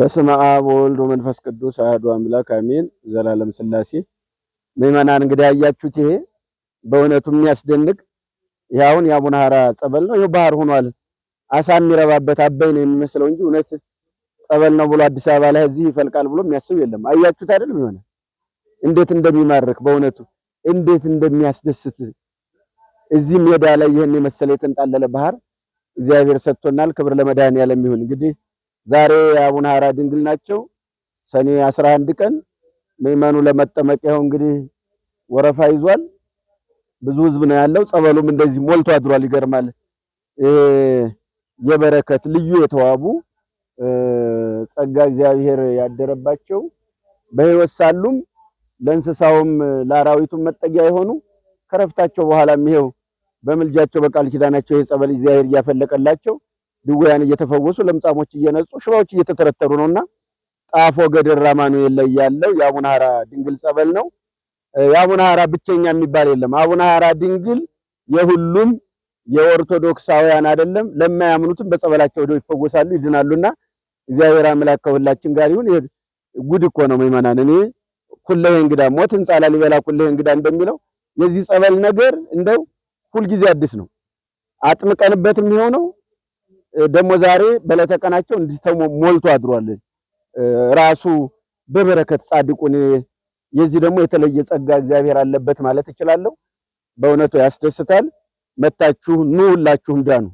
በስመ አብ ወወልድ ወመንፈስ ቅዱስ አህዱ አምላክ አሜን። ዘላለም ሥላሴ ምዕመናን፣ እንግዲህ ያያችሁት ይሄ በእውነቱ የሚያስደንቅ ይኸውን የአቡነ ሐራ ጸበል ነው። ይኸው ባህር ሆኗል። አሳ የሚረባበት አባይ ነው የሚመስለው እንጂ እውነት ጸበል ነው ብሎ አዲስ አበባ ላይ እዚህ ይፈልቃል ብሎ የሚያስብ የለም። አያችሁት አይደለም? ይሆነ እንዴት እንደሚማርክ በእውነቱ እንዴት እንደሚያስደስት እዚህ ሜዳ ላይ ይህን የመሰለ የተንጣለለ ባህር እግዚአብሔር ሰጥቶናል። ክብር ለመድኃኔዓለም ይሁን። እንግዲህ ዛሬ አቡነ ሐራ ድንግል ናቸው። ሰኔ 11 ቀን ምዕመኑ ለመጠመቅ ይኸው እንግዲህ ወረፋ ይዟል። ብዙ ህዝብ ነው ያለው። ጸበሉም እንደዚህ ሞልቶ አድሯል። ይገርማል። የበረከት ልዩ የተዋቡ ጸጋ እግዚአብሔር ያደረባቸው በህይወት ሳሉም ለእንስሳውም ለአራዊቱም መጠጊያ የሆኑ ከረፍታቸው በኋላም ይሄው በምልጃቸው በቃል ኪዳናቸው ይሄ ጸበል እግዚአብሔር እያፈለቀላቸው ድውያን እየተፈወሱ ለምጻሞች እየነጹ ሽባዎች እየተተረተሩ ነውና ጣፎ ገደራ ማኑኤል ላይ ያለው የአቡነ ሐራ ድንግል ጸበል ነው። የአቡነ ሐራ ብቸኛ የሚባል የለም። አቡነ ሐራ ድንግል የሁሉም የኦርቶዶክሳውያን አይደለም። ለማያምኑትም በጸበላቸው ሄደው ይፈወሳሉ፣ ይድናሉና እግዚአብሔር አምላክ ከሁላችን ጋር ይሁን። ጉድ እኮ ነው ምእመናን። እኔ ኩለሄ እንግዳ ሞት ህንጻ ላሊበላ ኩለሄ እንግዳ እንደሚለው የዚህ ጸበል ነገር እንደው ሁልጊዜ አዲስ ነው። አጥምቀንበትም የሆነው ደግሞ ዛሬ በለተቀናቸው እንዲተሙ ሞልቶ አድሯል። ራሱ በበረከት ጻድቁን የዚህ ደግሞ የተለየ ጸጋ እግዚአብሔር አለበት ማለት እችላለሁ። በእውነቱ ያስደስታል። መታችሁ ኑ ሁላችሁ እንዳኑ